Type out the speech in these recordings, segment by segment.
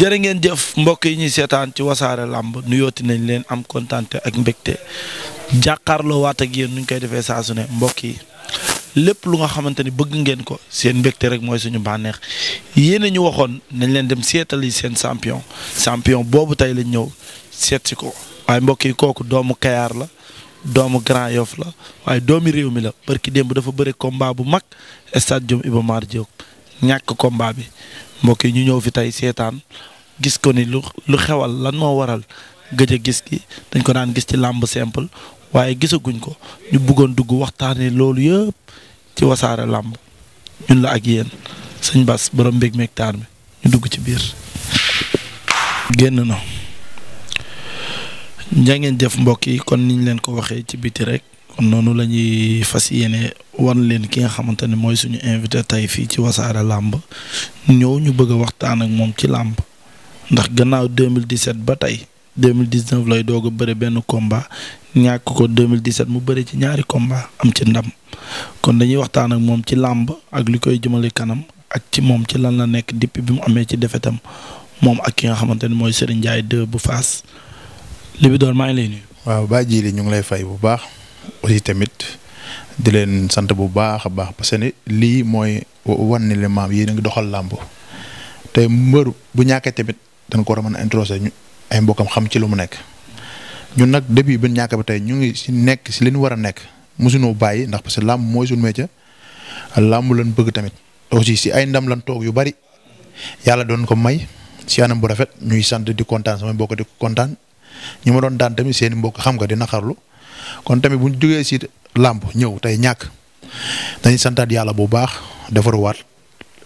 jërë ngeen jëf mbokk yi ñuy seetaan ci wasaare làmb nuyooti nañ leen am kontaan ak mbégte jàkkaarloo waat ak yéen nuñ koy defee saa ne mbokk yi lépp lu nga xamante ni bëgg ngeen ko seen mbégte rek mooy suñu bànneex yéen a ñu waxoon nañ leen dem seetali seen sampion sampion boobu tey lañ ñëw seet ko waaye mbokk kooku doomu Kayaar la doomu Grand Yoff la waaye doomi réew mi la barki démb dafa bëre combat bu mag stade Iba Mar Diop ñàkk combat bi mbokk yi ñu ñëw fi tey seetaan gis ko ni lu xewal lan moo waral gëj a gis gi dañ ko daan gis ci làmb simple waaye gisaguñ ko ñu buggoon dugg waxtaanee loolu yëpp ci wasaare làmb ñun la ak yéen sëñ Bas borom mbég mektaar mi ñu dugg ci biir. génn na. njangeen ngeen jëf mbokk yi kon niñ leen ko waxee ci biti rek kon noonu la ñuy fas yéene wan leen ki nga xamante ne mooy suñu invité tey fii ci wasaare làmb ñëw ñu bëgg a waxtaan ak moom ci làmb ndax gannaaw deux mille 2017 ba tey 2019 lay doog a bëre benn komba ñàkk ko 2017 mu bëre ci ñaari komba am ci ndam kon dañuy waxtaan ak moom ci làmb ak li koy jëmale kanam ak ci moom ci lan la nekk depuis bi mu amee ci defetam moom ak ki nga xamante ne mooy Serigne Ndiaye 2 bu Fass li bi doon maa ngi lay nuyu. waaw baa ji ñu ngi lay fay bu baax. aussi tamit di leen sant bu baax a baax parce que lii mooy wan ni le maam yéen a doxal làmb te mbër bu ñàkkee tamit dañ ko war a mën a introsé ñu ay mbokkam xam ci lu mu nekk ñun nag début bi ñàkk ba tey ñu ngi si nekk si li ñu war a nekk mosuñoo bàyyi ndax parce que làmb mooy suñu métier làmb lañ bëgg tamit aussi si ay ndam lañ toog yu bari yàlla doon ko may si anam bu rafet ñuy sant di kontaan sama mbokk di kontaan ñu ma doon daan tamit seen mbokk xam nga dina naqarlu kon tamit bu ñu jógee si làmp ñëw tey ñàkk dañuy santaat yàlla bu baax defaruwaat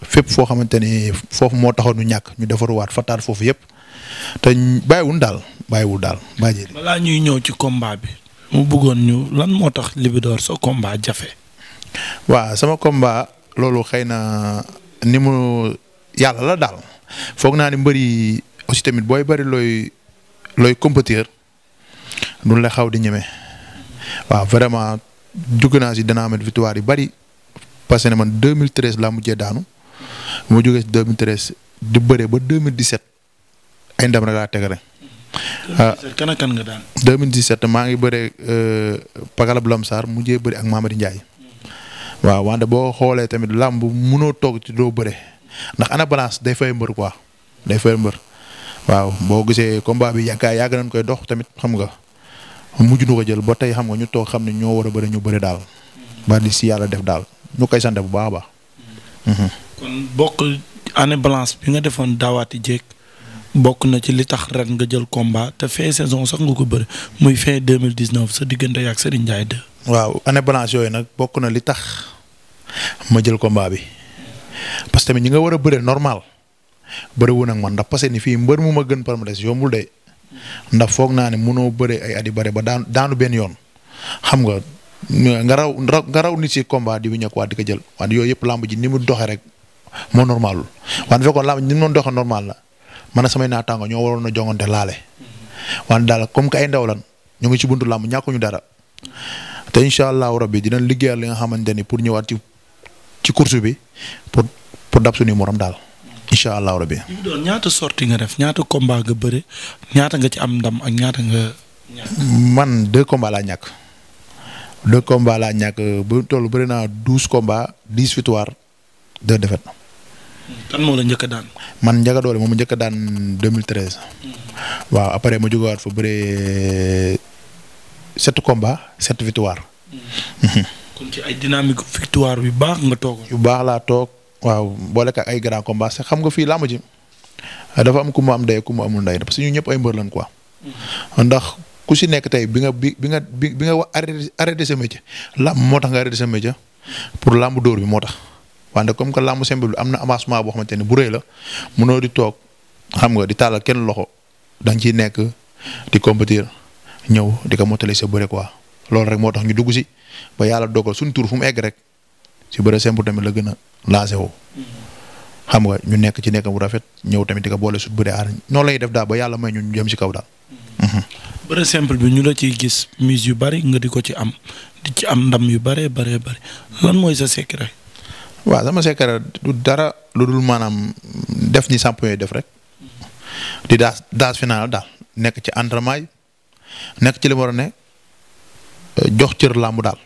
fépp foo xamante ni foofu moo taxoon ñu ñàkk ñu defaruwaat fataat foofu yëpp te bàyyiwul daal bàyyiwul daal bàyyi. balaa ñuy ñëw ci combat bi. mu bëggoon ñu lan moo tax Libidor sa combat jafe. waaw sama combat loolu xëy na ni mu yàlla la daal foog naa ni mbëri aussi tamit booy bëri looy looy compétiteur duñ la xaw di ñeme. waaw vraiment dugg naa si dana am victoire yu bari parce que man la laa mujjee daanu mu jógee si 2013 di bëre ba 2017 ay ndam rek laa tegale. Ah, 2017 kan ak kan nga daan. 2017 maa ngi bëre euh, Pakala Lamsar mujjee bëri ak Mamady Ndiaye. waaw wante boo xoolee tamit làmb mënoo toog ci doo bëre ndax ana balance day fay mbër quoi day fay mbër waaw boo gisee combat bi yaakaar yàgg nañ koy dox tamit xam nga. mujj na ko jël ba tey xam nga ñu toog xam ne ñoo war a bëri ñu bëri daal. ba di si yàlla def daal ñu koy sant bu baax a baax. Mhm. kon bokk année balance bi nga defoon daawaati jéeg bokk na ci li tax ren nga jël combat te fee saison sax nga ko bëri muy fee 2019 sa diggante ak Serigne Ndiaye 2. waaw année balance yooyu nag bokk na li tax ma jël komba bi parce que tamit ñi nga war a bëre normal bëri woon ak man ndax parce ni fii mbër mu ma gën palmarès yombul de ndax foog naa ne mënoo bëre ay at yu bëre ba daan daanu benn yoon xam nga nga raw nga raw nit si combat di ko jël waaye yooyu yëpp làmb ji ni mu rek moo normalul waaye fekkoon làmb ji ni normal la man a samay naataango ñoo waroon a jongante laale. waaye daal comme que ay ndaw lan ngi ci buntu làmb ñàkkuñu dara te incha allahu rabbi dinañ liggéeyal li nga xamante ni pour ñëwaat ci ci course bi pour pour dab suñu morom daal. incha allahu rabi. li mu doon ñaata sorti nga def ñaata combat nga bëre ñaata nga ci am ndam ak ñaata nga. man deux combats laa ñàkk. deux combats ba toll bëri naa douze combats dix victoires deux défaites. kan moo la njëkk daan. man Ndiaga moom njëkk daan 2013. Mm. waaw après ma jógewaat fa bëree sept combats sept victoires. Mm. kon ci ay dynamique victoire yu baax nga toog. yu baax laa toog. waaw boole ko ay grand combat xam nga fii làmb ji dafa am ku mu am ndey ku mu amul ndey parce que ñu ñëpp ay mbër lañ quoi. ndax ku si nekk tey bi nga bi bi nga bi bi nga wax arrêté sa métier làmb moo tax nga arrêté pour làmb dóor bi moo tax. wante comme que làmb simple bi am na avancement boo xamante ne bu rëy la mënoo di toog xam nga di tàllal kenn loxo dañ ciy nekk di compétir ñëw di ko motali sa bëre quoi loolu rek moo tax ñu dugg si ba yàlla dogal suñu tur fu mu egg rek. si bëre simple tamit la gën a laase mm-hmm. xam nga ñu nekk ci nekk bu rafet ñëw tamit di ko boole sut bëre aar noonu lay def daal ba yàlla may ñu ñu jëm si kaw daal. Mm-hmm. Mm-hmm. bëre simple bi ñu la ciy gis mise yu bari nga di ko ci am di ci am ndam yu bëree bëree bëri lan mooy sa secret. waaw sama secret du dara lu dul maanaam def ni samp yooyu def rek di daas daas final daal nekk ci entraînement nekk ci li mu war a ne jox cër làmb daal.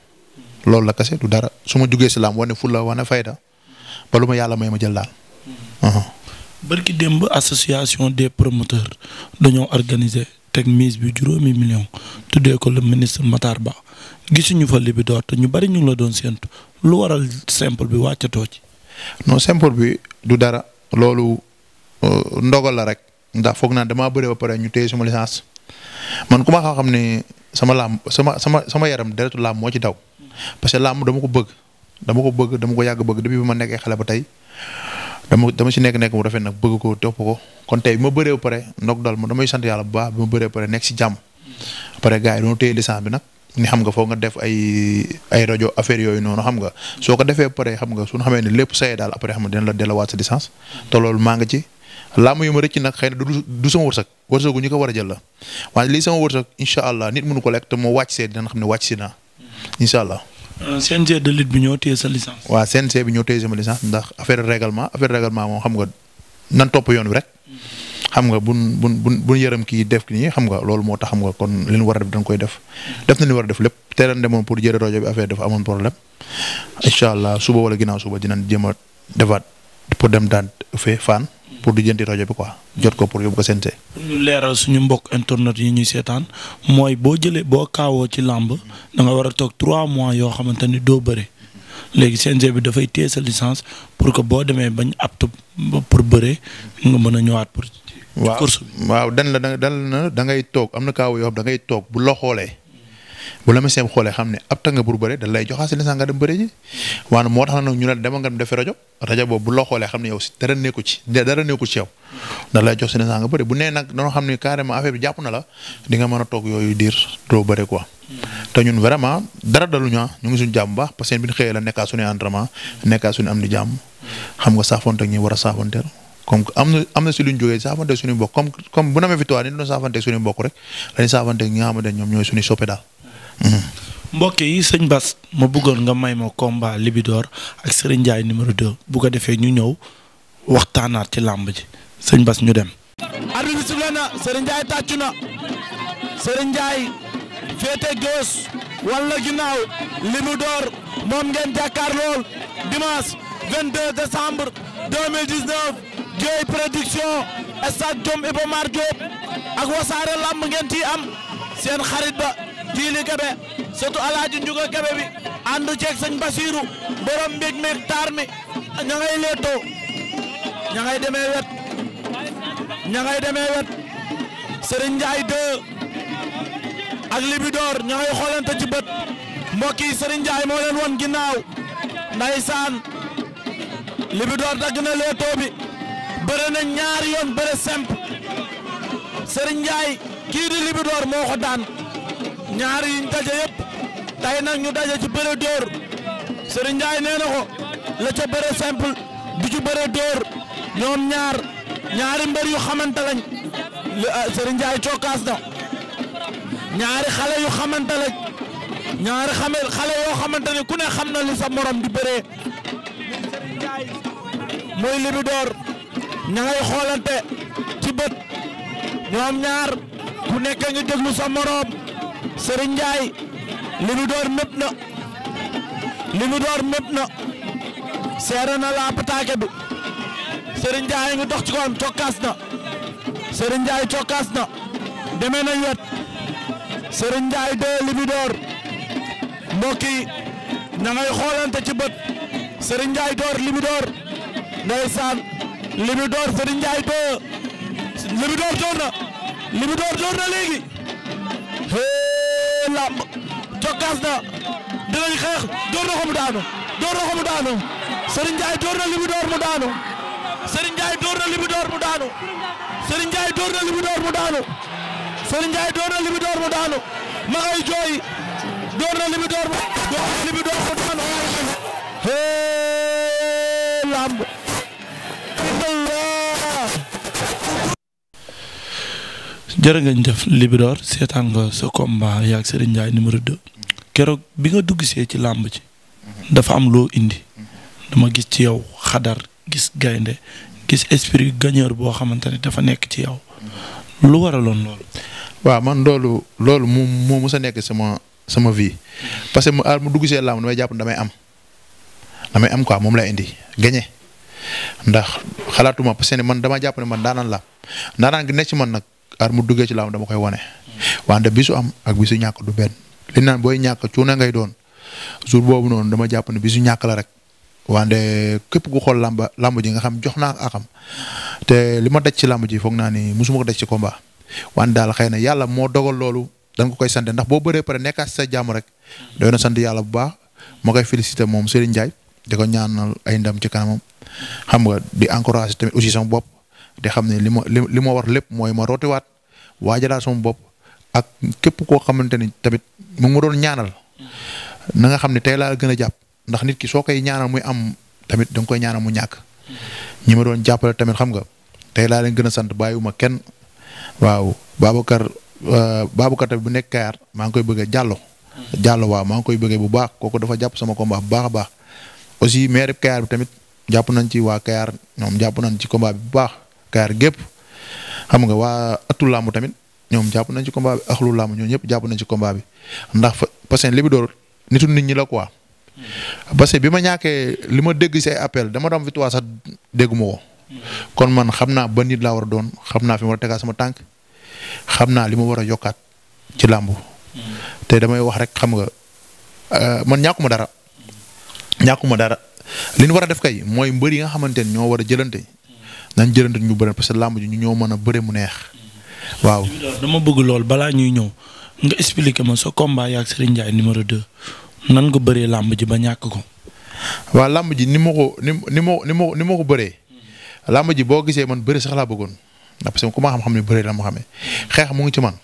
loolu la kese du dara su ma jugee si laam wane fulla wane fayda ba lu ma yàlla may ma jël daal. Hmm. Uh-huh. barki démb association des promoteurs dañoo organiser teg mise bi juróomi million tuddee ko le ministre Matar Ba gisuñu fa li te ñu bari ñu ngi la doon séentu lu waral simple bi wàccatoo ci. non simple bi du dara loolu uh, ndogal la rek ndax foog naa damaa bëre ba pare ñu téye sama licence man ku ma xam ne sama laam sama sama sama yaram deretu laam moo ci daw. parce que làmb dama ko bëgg dama ko bëgg dama ko yàgg bëgg depuis bi ma nekkee xale ba tey dama dama si nekk nekk mu rafet nag bëgg ko topp ko kon tey bi ma bëree ba pare ndog dal ma damay sant yàlla bu baax bi bëree pare nekk si jàmm. après gars yi doon bi nag xam nga foog nga def ay ay rajo affaire yooyu noonu xam nga soo ko defee pare xam nga suñu xamee ne lépp sayee daal après xam nga dina la delluwaat sa licence loolu maa nga ci. làmb yu ma rëcc nag xëy na du du sama wërsëg wërsëgu ñu ko war a jël la waaye lii sama wërsëg incha allah nit mënu ko lekk te moo wàcc see dinañ xam ne wàcc si naa incha allah. Euh, CNG de lutte bi ñoo téye sa licence. waaw CNG bi ñoo téye sama licence ndax affaire règlement affaire règlement moom xam nga nan topp yoon bi rek. xam nga bu buñ buñ buñ yërëm kii def nii xam nga loolu moo tax xam nga kon li ñu war a def dañ koy def. def na li war a def lépp te ren demoon pour jëre rajo bi affaire dafa amoon problème incha allah suba wala ginnaaw suba dinañ jéem a defaat pour dem daan fee fan pour di jënti rajo bi quoi jot ko pour yóbbu ko sensee. leeral suñu mbokk internet yi ñuy seetaan mooy boo jëlee boo kaawoo ci làmb da nga war a toog trois mois yoo xamante ni doo bëri léegi CNG bi dafay téye sa licence pour que boo demee bañ apte pour bëre nga mën a ñëwaat pour. waaw course waaw dan la dan la da ngay toog am na kaaw yoo xam da toog bu la bu la médecin bi xoolee xam ne apte nga pour bëre da lay joxaasi dem bëre ji waana moo tax nag ñu ne demal nga dem defi rajo rajo boobu bu la xoolee xam ne yow si dara nekku ci dara nekku ci yow da lay jox si licence bu nee nag dañoo xam ne carrément affaire bi jàpp na la dinga nga mën a toog yooyu diir doo bëre ko te ñun vraiment dara daluñu ah, ñu ngi suñu jàmm baax parce que xëyee la nekkaa suñu entraînement nekkaa suñu am di jàmm xam nga saafoonte ak ñi war a saafoonteel comme am na am na si luñ jógee saafante suñu mbokk comme comme bu namee victoire Mm-hmm. mbokk yi sëñ Bas ma bëggoon nga may ma combat Libidor ak Serigne Ndiaye numéro 2 bu ko defee ñu ñëw waxtaanaat ci làmb ji sëñ Bas ñu dem. arbitre bi sifflé na Serigne tàccu na Serigne Ndiaye féete gauche walla ginnaaw Libidor moom ngeen jàkkaar lool dimanche 22 décembre 2019 Gueye Production stade Iba ak wasaare làmb ngeen ciy am seen xarit ba. jiili kebe surtout alaaji njuga kebe bi ànd ceeg sëñ basiiru borom mbég meeg taar mi ña ngay leetoo ngay demee wet ña ngay demee wet sëriñ njaay ak libidoor ña ngay xoolante ci bët yi sëriñ njaay moo leen won ginnaaw ndaysaan libidoor dagg na leetoo bi bëre na ñaari yoon bëre simple sëriñ njaay kii libidoor moo ko daan ñaar yi ñu daje yëpp ñu daje ci bëre dóor Serigne Ndiaye nee na ko ci bëre dóor ñoom ñaar ñaari mbër yu xamante lañ ah, Serigne Ndiaye cokkaas na ñaari xale yu xamante lañ ñaari xame xale yoo xamante ne ku ne xam na li sa morom di bëree muy Libidor ña ngay xoolante ñoom ñaar ku nekk ngi déglu sa morom. Serigne Ndiaye li mu door na li mu na seere na la pataake bi Serigne Ndiaye ngi dox ci kawam cokkaas na Serigne Ndiaye na demee nañ wet Serigne Ndiaye de li mu door mbokk yi na ngay ci bët Serigne Ndiaye door li mu door ndeysaan li mu door door na li mu làmb jokkaas na dinañ xeex door na ko mu daanu door na ko mu daanu Serigne Ndiaye door na li mu door mu daanu Serigne Ndiaye door na mu daanu Serigne na jooy door na li mu door mu daanu hee làmb jërë ngeen jëf seetaan nga sa combat yaag Serigne Ndiaye numéro 2 keroog bi nga dugg see ci làmb ci dafa am loo indi dama gis ci yow xadar gis gaynde gis esprit gagneur boo xamante ne dafa nekk ci yow lu waraloon loolu. waaw man loolu loolu mu mu mës nekk sama sama vie parce que mu ah, mu dugg see làmb damay jàpp damay am damay am quoi moom lay indi gagné ndax xalaatuma parce que man dama jàpp man daanaan la daanaan gi nekk ci man nag. ar mu duggee ci laam dama koy wane. wante bisu am ak bisu ñàkk du benn li naan booy ñàkk cuuna ngay doon jour boobu noonu dama jàpp ne bisu ñàkk la rek. wante képp ku xool làmba lamb ji nga xam jox naa akam te li ma daj ci làmb ji foog naa ni musuma ko daj ci combat wante daal xëy na yàlla moo dogal loolu dañ koy sante ndax boo bëree pare nekkaat sa jàmm rek doy sant yàlla bu baax ma koy féliciter moom Serigne Ndiaye di ko ñaanal ay ndam ci kanamam xam nga di encourager tamit aussi sama bopp. te xam ne li ma li li ma war lépp mooy ma waat waajalaat sama bopp ak képp koo xamante ni tamit mu ngi ma doon ñaanal na nga xam ne tey laal gën a jàpp ndax nit ki soo koy ñaanal muy am tamit da koy ñaanal mu ñàkk. ñi ma doon jàppale tamit xam nga tey laal leen gën a sant bàyyiwuma kenn waaw Babacar euh, Babacar tamit bu nekk Kayar maa ngi koy bëgg a jàllo jàllo maa ngi koy bëggee bu baax kooku dafa jàpp sama combat bu baax a baax aussi maire Kayar bi tamit jàpp nañ ci waa Kayar ñoom jàpp nañ ci combat bu baax. gaar gépp xam nga waa atu làmb tamit ñoom jàpp nañ ci combat bi axlu làmb ñoo ñëpp jàpp nañ ci combat bi ndax parce que li bi door nitu nit ñi la quoi. Hmm. parce bi ma ñàkkee li ma dégg si appel dama doon victoire sax dégguma ko. Hmm. kon man xam naa ba nit laa war a doon xam naa fi ma war a tegaat sama tànk xam naa li ma war a yokkaat ci làmb. Hmm. te damay wax rek xam nga euh, man ñàkkuma dara. ñàkkuma dara li ñu war a def kay mooy mbër yi nga xamante ne ñoo war a jëlante. nañ jërëntu ñu bëre parce que làmb ji ñu ñoo mën a bëre mu neex waaw. ma sa combat yaak Serigne Ndiaye numéro 2 nan nga bëree làmb ji ba ñàkk ko. waaw làmb ji ni ma ko ni ni ma ni ma ni ma ko làmb ji boo gisee man bëri sax laa bëggoon ndax parce que ku ma xam-xam ne bëri la ma xeex mu ngi ci man.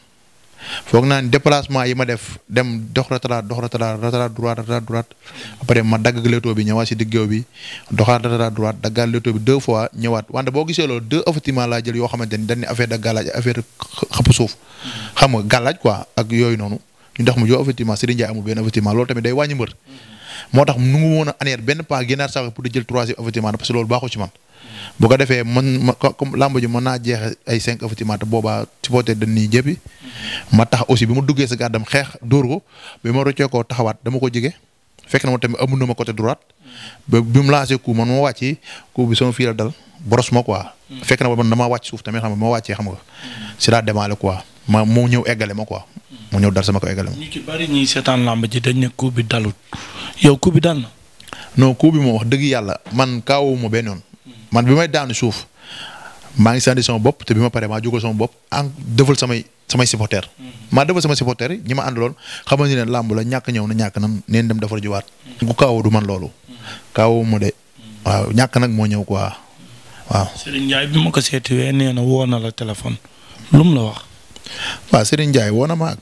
foog naa ni déplacement yi ma def dem dox ratalaat dox ratalaat droite ratalaat droite ma dagg létoo bi ñëwaat si diggéew bi doxaat ratalaat droite daggaat létoo deux fois ñëwaat wante boo gisee loolu deux effectivement laa jël yoo xamante ni dañ ne affaire da gàllaaj affaire xëpp suuf xam nga gàllaaj ak yooyu noonu ñu ndax mu joo effectivement Serigne Ndiaye benn effectivement loolu tamit day wàññi mbër moo tax nu ngu a aneer benn pas génnaat sax pour di jël bu ko defee man ma comme làmb ji mën naa jeex ay cinq avertissement te boobaa supporter dañ nii jëppi ma tax aussi bi ma duggee sa gàddam xeex door ko bi ma roccee koo taxawaat dama ko jige fekk na ma tamit amul na ma côté droite ba bi mu lancé coup man ma wàcci coup bi sama fii la dal boros ma quoi. fekk na man wàcc suuf tamit xam nga wàccee xam nga. si laa demaale quoi ma mu ma quoi. mu ñëw dal sama ko eggale ma. ñu ci bari ñuy seetaan làmb ji yow coup bi dal na. non coup bi moom wax dëgg yàlla man kaawuma benn yoon man bi may daanu suuf maa ngi sandi sama bopp te bi ma paree maa jógal sama bopp en defal samay samay supporter mhm. maa defal sama supporter yi ñi ma àndaloon xamal ni leen làmb la ñàkk ñëw na ñàkk nam neen dem defar juwaat mhm. ku kaawoo du man loolu mhm. kaawoo mu ñàkk nag moo ñëw ko waaw Serigne Ndiaye bi ma ko seetiwee nee na woo na la téléphone lu la wax waaw Serigne Ndiaye woo na ma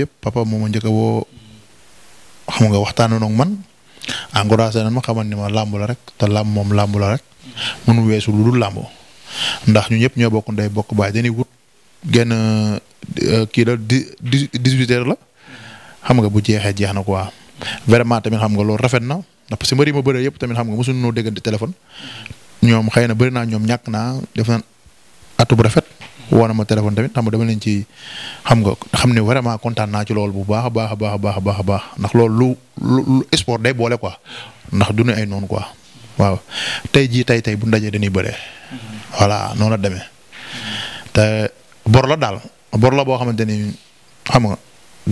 yëpp papaam moom a njëkk a woo xam nga waxtaanoon ak man encouragé na ma xamal ni ma làmb la rek te làmb moom làmb la rek mun weesu lu dul làmb ndax ñu ñëpp ñoo bokk ndey bokk baay dañuy wut genn euh, kii la di dix-huit la xam nga bu jeexee jeex na quoi vraiment tamit xam nga loolu rafet na ndax parce que mbëri ma yëpp tamit xam nga mosuñu noo déggante téléphone ñoom xëy na bëri naa ñoom ñàkk naa def na atu bu rafet woo na ma téléphone tamit xam nga dama leen ci xam nga xam ne vraiment kontaan naa ci lool bu baax a baax a baax a baax a baax ndax loolu lu lu sport day boole quoi ndax du ñu ay noonu quoi. waaw tey jii tey tey bu ndajee dañuy bare voilà noonu la demee. te bor la daal bor la boo xamante ni xam nga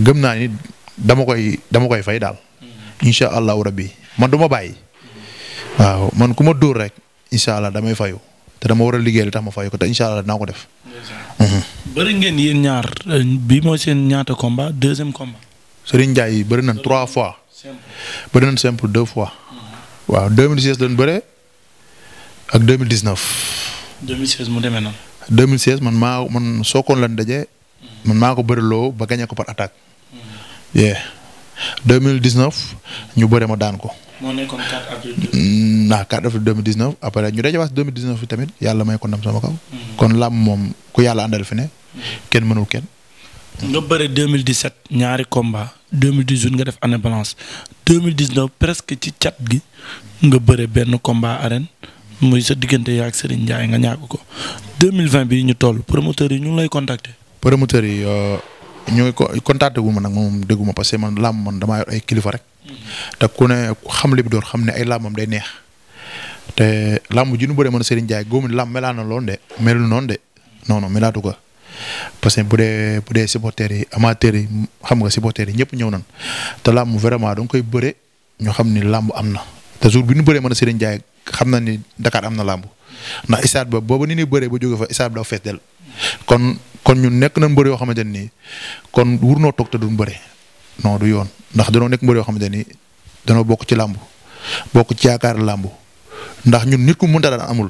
gëm naa ni dama koy dama koy fay daal. incha allahu rabbi man du ma bàyyi. man ku ma dóor rek incha allah damay fayu te dama war liggéey li tax ma fayu ko te incha allah dinaa ko def. Mhm. bëri ngeen yéen ñaar bi mooy seen ñaata combat deuxième combat. Serigne Ndiaye bëri nañ trois fois. bëri nañ simple deux fois. waaw 2016 dañ bëre ak 2019. 2016 mu demee noonu. 2016 man maa man sookoon lan daje. Mm-hmm. man maa ko bëriloo ba gañe ko par attaque. Mm-hmm. yeah 2019 ñu bëre ma daan ko. moo nekkoon 4 avril. Mm, naa 4 avril 2019 après ñu dajawaat 2019 tamit yàlla may ko ndam sama kaw. Mm-hmm. kon làmb moom ku yàlla àndal fi ne. kenn mënul kenn. nga bëre 2017 ñaari combat 2018 nga def mil balance 2019 presque ci cat gi nga bëre benn combat arène mooy sa diggante yaa ak Serigne Ndiaye nga ñàkk ko 2020 bii ñu toll promoteur yi ñu ngi lay contacter. promoteur yi euh, ñu ngi ko contacter wu ma nag moom dégguma parce que man làmb man damaa ay kilifa rek. Mm-hmm. te ku ne xam li doon xam ne ay làmbam day neex. te làmb ji nu bëree man Serigne Ndiaye góobu làmb melaa na loon de melul noon de non non melaatu ko. parce que bu dee bu dee supporters yi amateurs yi xam nga supporters yi ñëpp ñëw nañ te làmb vraiment da nga koy bëre ñu xam ni làmb am na te jour bi ñu bëree mën a Serigne Ndiaye xam na ni Dakar am na làmb ndax stade ba booba ni ni bëree ba jóge fa stade bi dafa del kon kon ñun nekk nañ mbër yoo xamante nii kon wur noo toog du duñ bëre non du yoon ndax danoo nekk mbër yoo xamante ni danoo bokk ci lamb bokk ci yaakaar làmb ndax ñun nit mun ta daan amul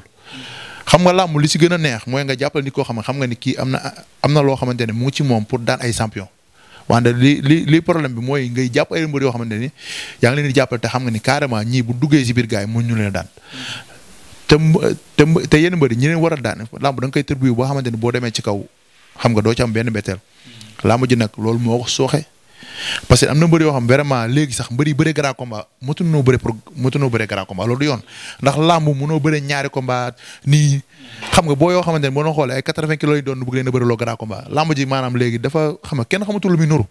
xam nga làmb li si gën neex mooy nga jàppale ni koo xam ne xam nga ni kii am na am na loo xamante ne mu ngi ci moom pour daan ay champion wante li li li problème bi mooy ngay jàpp ay mbër yoo xamante ni yaa leen di jàppale te xam nga ni carrément ñii bu duggee si biir gars yi mu ñu leen daan te te te yenn mbër yi ñi leen war a daan làmb da nga koy tërbu boo xamante ni boo demee ci kaw xam nga doo ci am benn mbetteel làmb ji nag loolu moo ko parce que am na mbër yoo xam vraiment léegi sax mbër yi bëre grand combat motuñoo bëre pro motuñoo bëre grand combat loolu du yoon ndax làmb mënoo bëre ñaari combat nii xam nga boo yoo xamante ne boo noo xoolee ay kilo vingts kilos yi doon bëgg leen a bëre loo grand combat làmb ji maanaam léegi dafa xam nga kenn xamatul lu muy nuru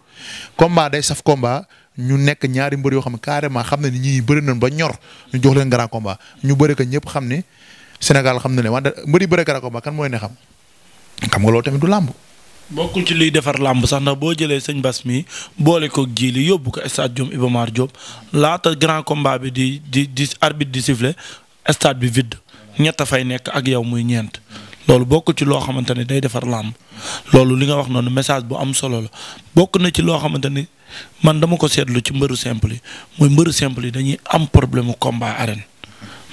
combat day saf combat ñu nekk ñaari mbër yoo xam ne carrément xam ne ni ñii bëri nañ ba ñor ñu jox leen grand ñu bëre ko ñëpp xam ne Sénégal xam na ne wante mbër yi bëre grand combat kan mooy ne xam xam nga loolu tamit du làmb bokkul ci liy defar làmb sax ndax boo jëlee sañ Bas mi boole koog jiili yóbbu ko stade Jom Iba Mar laata grand combat bi di di di arbitre di siffler stade bi vide ñett fay nekk ak yow muy ñeent. loolu bokkul ci loo xamante ne day defar làmb loolu li nga wax noonu message bu am solo bokk na ci loo xamante ni man dama ko seetlu ci mbëru simple yi muy mbëru simple yi dañuy am problème mu combat arène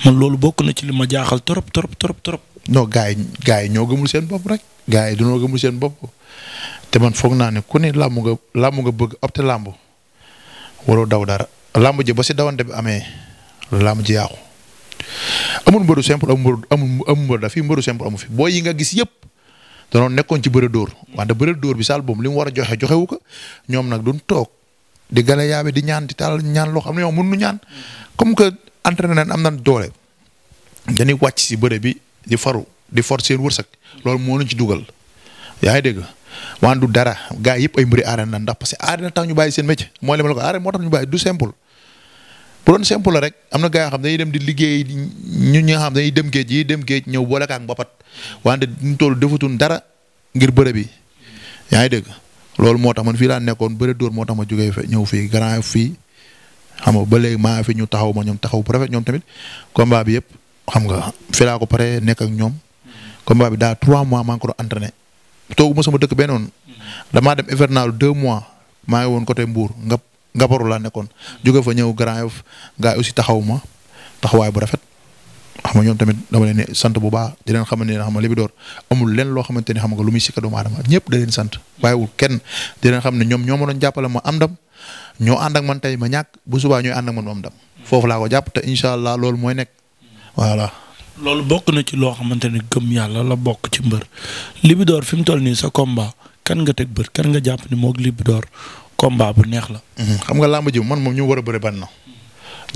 man loolu bokk na ci li ma jaaxal trop trop trop. non gars yi gars yi ñoo gëmul seen bopp rek gars yi dañoo gëmul seen bopp te man foog naa ne ku ne làmb nga làmb nga bëgg opté làmb waroo daw dara làmb ji ba si dawante bi amee làmb ji yàqu amul mbëru simple amul mbëru amul mbëru dafi mbëru simple amu fi boo yi nga gis yëpp danoo nekkoon ci bëre dóor wante bëre door bi saal boobu li mu war a joxe joxewu ko ñoom nag duñ toog di gale yaabe di ñaan di taal ñaan loo xam ne yow mënuñu ñaan comme que entraîné nañ am nañ doole dañuy si bëre bi. di faru di for seen wërsëg loolu moo leen ci dugal yaa ngi dégg waan du dara gars yëpp ay mbiri arène na ndax parce que na tax ñu bàyyi seen métier mooy lem la ko arène moo tax ñu bàyyi du simple bu doon simple la rek am na gars yoo xam dañuy dem di liggéey ñun ñi nga xam dañuy dem géej yi dem géej ñëw boole ak mbapat wante duñ toll defatuñ dara ngir bëre bi yaa ngi dégg loolu moo tax man fii laa nekkoon bëre door moo tax ma jógee fii ñëw fii grand fii xam ba léegi maa fi ñu taxaw ma ñoom taxaw bu ñoom tamit combat bi yëpp xam nga fi laa ko pare nekk ak ñoom. combat bi daa trois mois maa ngi ko doon entraîné. tooguma sama dëkk benn woon. damaa dem hivernal deux mois maa ngi woon côté Mbour nga ngabaru laa nekkoon. jóge fa ñëw Grand Yoff gars aussi taxaw ma taxawaay bu rafet. xam nga ñoom tamit dama leen ne sant bu baax di leen xamante ne xam nga Libidor amul leen loo xamante ne xam nga lu muy sikka doomu aadama ñëpp da leen sant. bàyyiwul kenn di leen xam ne ñoom ñoo ma doon jàppale ma am ndam ñoo ànd ak man tey ma ñàkk bu subaa ñooy ànd ak man ma am ndam. foofu laa ko jàpp te incha allah loolu mooy nekk voilà. loolu bokk na ci loo xamante ne gëm yàlla la bokk ci mbër Libidor fi mu toll nii sa combat kenn nga teg bër kan nga jàpp ni moog Libidor combat bu neex la. Mhm. xam nga làmb ji man moom ñu war a bëre ban na.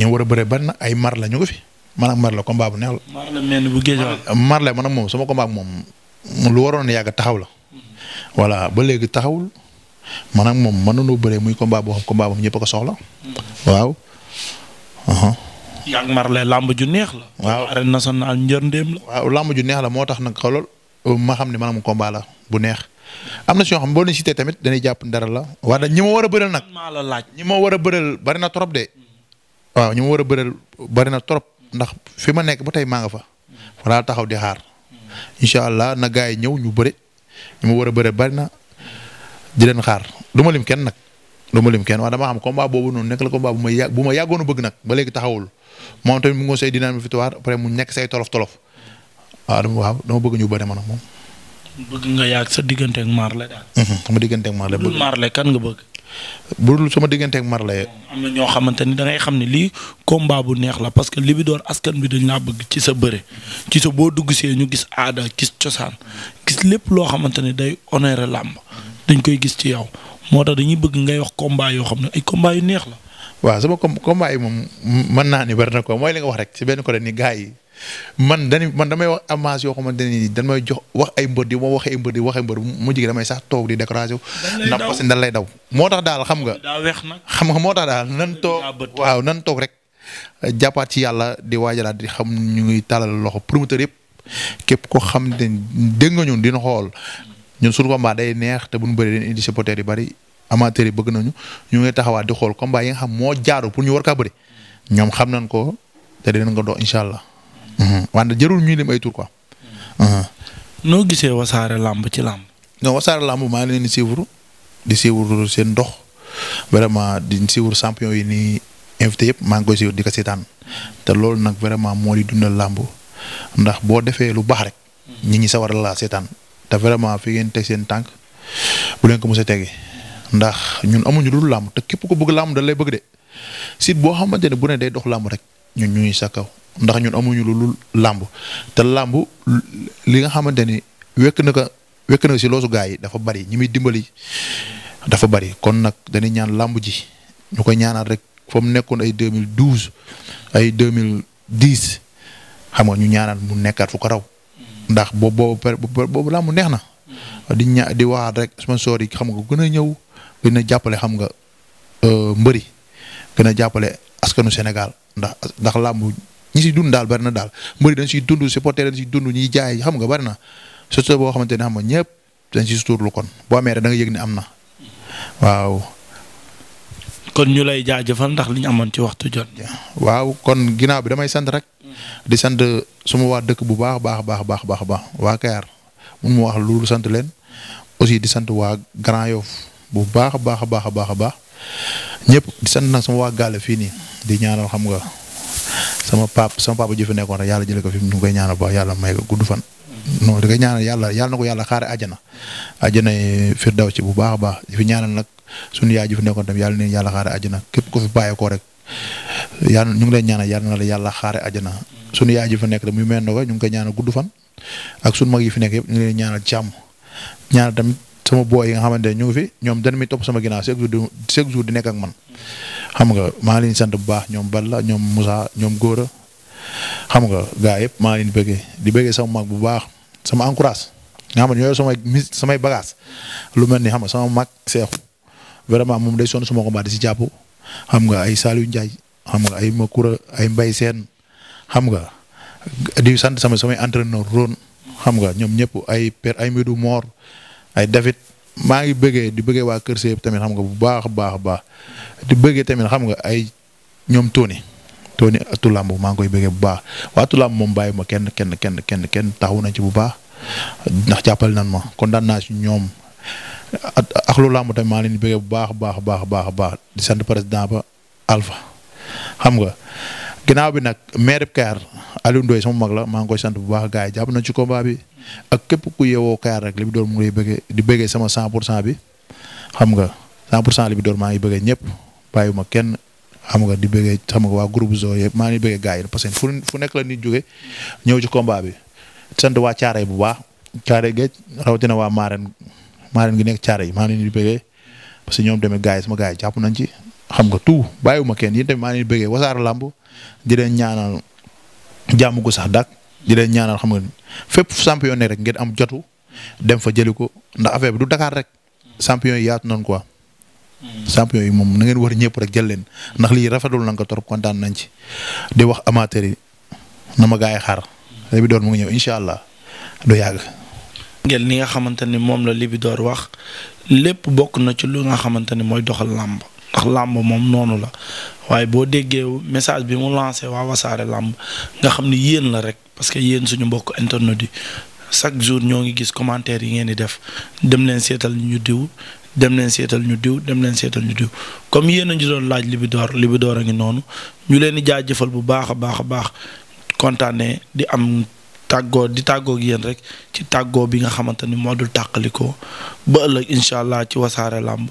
war a ban na ay mar la ñu ko fi man ak mar la combat bu neex la. mar bu géej mar la man ak moom sama combat ak moom lu waroon yàgg taxaw la. Mhm. voilà ba léegi taxawul man ak moom mënoonoo bëree muy combat boo xam combat boobu ñëpp a ko soxla. Mhm. waaw. Yac Marley lamb ju neex la. waaw arène nationale njërndeem la. waaw lamb neex la moo tax nag xoolal ma xam ne maanaam combat la bu neex am na si yoo xam boo leen tamit dañuy jàpp dara la. waaw da ma war a bëreel nag. maa la laaj ñi ma war a bëreel bari na trop de. waaw ñi war a bëreel bari na trop ndax fi ma nekk ba tey maa nga fa. fa taxaw di xaar. incha allah na yi ñëw ñu bëre ñu war a bëre bari na di leen xaar du ma lim kenn nag du ma lim kenn waaw dama xam combat boobu noonu nekk la combat bu ma yà ma yàggoon bëgg nag ba léegi taxawul moom tamit mu ngoo say dynamique victoire après mu nekk say tolof tolof waaw dama waaw bëgg ñu bëre man ak moom. bëgg nga yàgg sa diggante ak Marley daal. Mhm, sama diggante ak Marley bëgg Marley kan nga bëgg. bu sama diggante ak Marley. am na ñoo xamante ni da xam ne lii combat bu neex la parce que li bi door askan bi dañ laa bëgg ci sa bëre ci sa boo dugg see ñu gis aada gis cosaan lépp loo xamante ne day honoré làmb dañ koy gis ci yow moo tax dañuy bëgg ngay wax combat yoo xam ne ay combat yu neex la. waaw sama com combat yi moom mën naa ni bari na ko mooy li nga wax rek si benn ko côté ni gaa yi man dañu man damay wax avance yoo xamante ni dañ may jox wax ay mbër di moo waxee ay mbër di wax ay mbër gi damay sax toog di découragé na ndax parce lay daw. moo tax daal xam nga. daa weex xam nga moo tax daal nan toog waaw nan toog rek. jàppaat ci yàlla di waajalaat di xam ñu ngi tàllal loxo promoteur yëpp képp ko xam ne dégg nga ñun dina xool ñun suñu combat day neex te bu ñu bëree dina indi supporter yu bari amateurs yi bëgg nañu ñu ngi taxawaat di xool combat yi nga xam moo jaaru pour ñu war kaa bëri ñoom xam nañ ko te dinañ ko dox incha allah. Mhm. wante jërul ñuy dem ay tour quoi. Mhm. noo gisee wasaare làmb ci làmb. non wasaare làmb maa ngi leen di suivre di suivre seen dox vraiment di suivre yi nii invité yëpp maa ngi koy suivre di ko seetaan te loolu nag vraiment moo di dundal làmb ndax boo defee lu baax rek. ñi mm. ñi sawar laa seetaan te vraiment fi ngeen teg seen tànk bu leen ko mos a tegee ndax ñun amuñu dul làmb te képp ko bëgg làmb da lay bëgg de site boo xamante ne bu ne dox làmb rek ñun ñuy sa kaw ndax ñun amuñu lu làmb te làmb li nga xamante ni wekk na ko wekk na ko si yi dafa bari ñi muy dimbali dafa bari kon nag dañuy ñaan làmb ji ñu koy ñaanal rek fa mu nekkoon ay 2012 ay 2010 xam nga ñu ñaanal mu nekkaat fu ko raw ndax boobu boobu boobu làmb neex na di ña di waxaat rek suma sponsor yi xam nga gën a ñëw. gën a jàppale xam nga euh, mbëri gën a jàppale askanu Sénégal ndax ndax làmb ñi si dund daal bari na daal mbëri dañ siy dund supporter dañ siy dund ñiy jaay xam nga bari na surtout boo xamante ne xam nga ñëpp dañ si suturlu kon boo amee rek da yëg ne am na waaw. kon ñu lay jaajëfal ndax liñ amoon ci waxtu jot. waaw kon ginaaw bi damay sant rek. Mm. di sant suma waa dëkk bu baax baax baax baax baax waa Kayar mun ma Grand Yoff bu baax a baax a baax a baax a baax ñëpp di sant nag sama waa gaale fii nii di ñaanal xam nga sama pap sama papa ji nekkoon rek yàlla jëlee ko fi ñu ngi koy ñaanal baax yàlla may ko gudd fan. non di koy ñaanal yàlla yàlla na ko bu baax a baax di fi ñaanal nag suñu yaay ji fi nekkoon tamit na yàlla xaare àjjana képp ko fi bàyyeekoo rek yàlla ñu ngi la yàlla xaare àjjana suñu yaay ji fi nekk tamit muy mel na ko ñu ngi koy ñaanal gudd fan ak suñu mag yi fi nekk yëpp ñu leen ñaanal jàmm ñaanal tamit sama booy yi nga xamante ne ñu fi ñoom dañ mi topp sama ginnaaw chaque jour di chaque jour man xam nga maa sant bu baax ñoom Balla ñoom Moussa ñoom Góora xam nga gaa yëpp maa leen bëggee di bëggee sama mag bu baax sama encourage nga xam ne ñooy samay mis samay bagage lu mel ni xam nga sama mag seexu vraiment moom day son suma combat di si jàpp xam nga ay Saliou Ndiaye xam nga ay Makura ay Mbaye Sène xam nga sant sama samay entraîneur ron xam nga ñoom ñëpp ay père ay Midou Mor ay David maa ngi bëggee di bëggee waa Kër Seye tamit xam nga bu baax a baax a baax di bëggee tamit xam nga ay ñoom Tony Tony atu làmb maa ngi koy bëggee bu baax waa atu làmb moom bàyyi ma kenn kenn kenn kenn kenn taxawu nañ ci bu baax ndax jàppale nan ma kon daan naa ci ñoom at ak lu làmb tamit maa leen di bëggee bu baax a baax a baax a baax di sant président ba Alpha xam nga. ginnaaw bi nag maire Kayar Aliou Ndoye sama mag la maa ngi koy sant bu baax gaay yi jàpp nañ ci combat bi ak képp ku yewoo Kayar rek li mu doon mu di bëggee sama 100 pour cent bi xam nga 100 pour cent doon maa ngi bëggee ñëpp bàyyiwuma kenn xam nga di bëggee xam nga waa groupe Zo yëpp maa ngi bëggee gars yi parce que fu fu nekk la nit jóge ñëw ci combat bi sant waa Caaray bu baax Caaray géej rawatina waa Maareen Maareen gi nekk Caaray maa ngi leen di bëggee parce que ñoom gars yi ma gars yi jàpp nañ ci xam nga tout bàyyiwuma kenn yéen tamit maa ngi leen di bëggee wasaare lamb di leen ñaanal jàmm ko sax dàq di leen ñaanal xam nga fépp champion ne rek ngeen am jotu dem fa jëli ko ndax affaire bi du Dakar rek champion yi yaatu nañ quoi. Hmm. champion yi moom na ngeen war ñëpp rek jël leen ndax lii rafetul na nga trop kontaan nañ ci di wax amateur yi na ma xar xaar Libidor mu ngi ñëw incha allah du yàgg. ngeen li nga xamante ni moom la Libidor wax lépp bokk na ci lu nga xamante ni mooy doxal làmb. ndax làmb moom noonu la waaye boo déggee message bi mu lancé waa wasaare làmb nga xam ni yéen la rek parce que yéen suñu mbokk internet di chaque jour ñoo ngi gis commentaire yi ngeen di def dem leen seetal ñu diw dem leen seetal ñu diw dem leen seetal diw comme yéen a ñu doon laaj Libidor Libidor a ngi noonu ñu leen di jaajëfal bu baax a baax a baax kontaanee di am tàggoo di tàggoog yéen rek ci tàggoo bi nga xamante ni moo dul tàqalikoo ba ëllëg incha allah ci wasaare làmb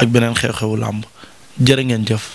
ak beneen xew-xewu làmb jërë ngeen jëf.